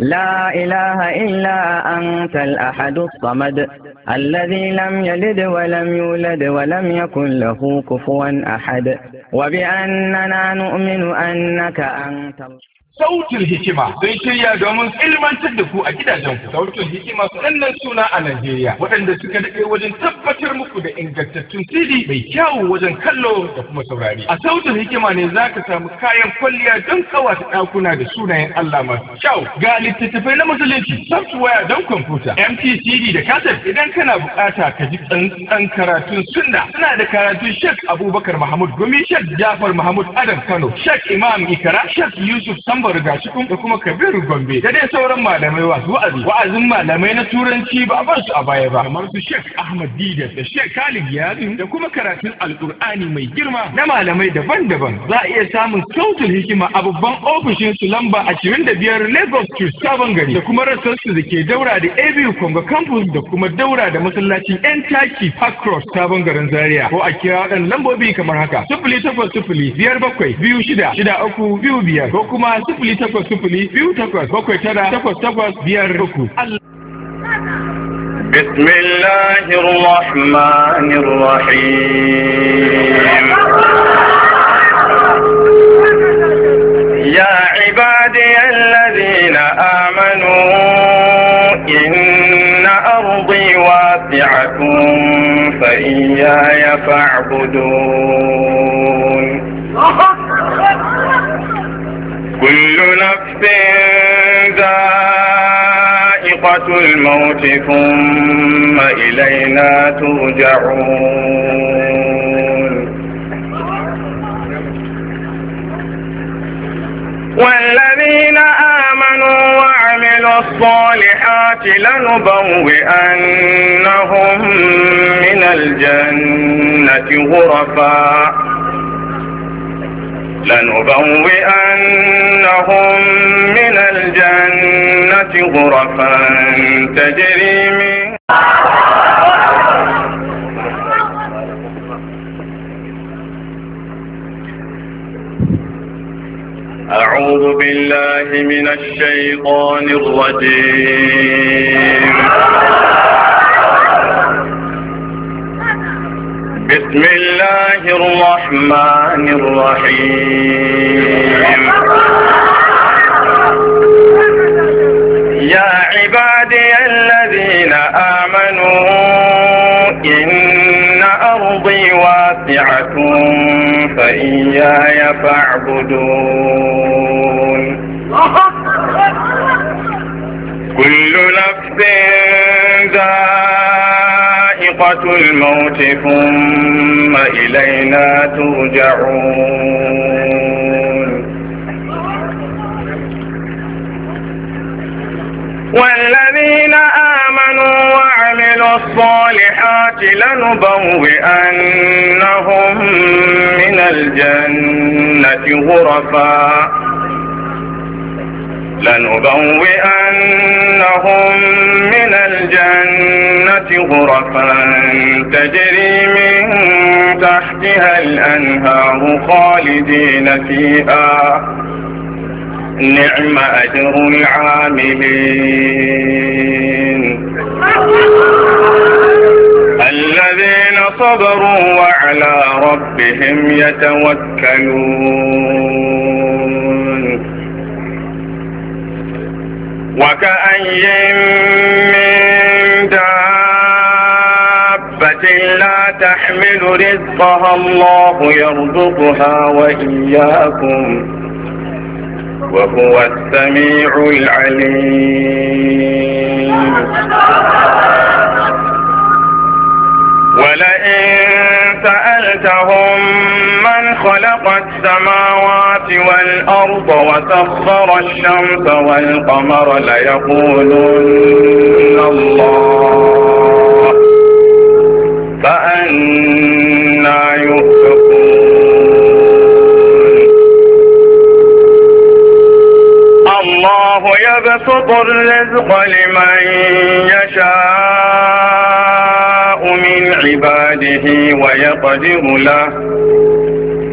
لا إله إلا أنت الأحد الصمد الذي لم يلد ولم يولد ولم يكن له كفوا أحد وبأننا نؤمن أنك أنت sautin hikima don shirya domin ilmantar da ku a gidajen ku sautin hikima sannan suna a Najeriya waɗanda suka daɗe wajen tabbatar muku da ingantattun CD mai kyau wajen kallo da kuma saurari a sautin hikima ne za ka samu kayan kwalliya don kawata ɗakuna da sunayen Allah masu kyau ga littattafai na musulunci software don kwamfuta MTCD da kaset idan kana bukata ka ji ɗan karatun sunna suna da karatun Sheikh Abubakar Mahmud Gumi Sheikh Jafar Mahmud Adam Kano Sheikh Imam Ikara Sheikh Yusuf Sam Umar shi da kuma Kabiru Gombe da dai sauran malamai wasu wa'azi wa'azin malamai na turanci ba a bar su a baya ba kamar su Sheikh Ahmad Didas da Sheikh Khalid Yazin da kuma karatun Al-Qur'ani mai girma na malamai daban-daban za a iya samun sautin hikima a babban ofishin su lamba 25 Lagos to Sabon Gari da kuma rassan su dake daura da ABU Kongo campus da kuma daura da masallacin Yan Taki Park Cross Sabon Garin Zaria ko a kira dan lambobi kamar haka 0800 biyar bakwai biyu shida shida uku biyu biyar ko kuma sufuli takwas sufuli biyu takwas bakwai tara takwas takwas biyar uku. بسم الله الرحمن الرحيم يا عبادي الذين آمنوا إن أرضي واسعة فإياي فاعبدون كل نفس ذائقة الموت ثم إلينا ترجعون والذين آمنوا وعملوا الصالحات لنبوئنهم من الجنة غرفاً لنبوئنهم من الجنة غرفا تجري من أعوذ بالله من الشيطان الرجيم بسم الله الله الرحمن الرحيم يا عبادي الذين آمنوا إن أرضي واسعة فإياي فاعبدون كل نفس سكرة الموت ثم إلينا ترجعون والذين آمنوا وعملوا الصالحات لنبوئنهم من الجنة غرفا لنبوئنهم غرفا تجري من تحتها الأنهار خالدين فيها نعم أجر العاملين الذين صبروا وعلى ربهم يتوكلون وكأين تحمل رزقها الله يرزقها وإياكم وهو السميع العليم ولئن سألتهم من خلق السماوات والأرض وسخر الشمس والقمر ليقولن الله أنا يؤفكون الله يبسط الرزق لمن يشاء من عباده ويقدر له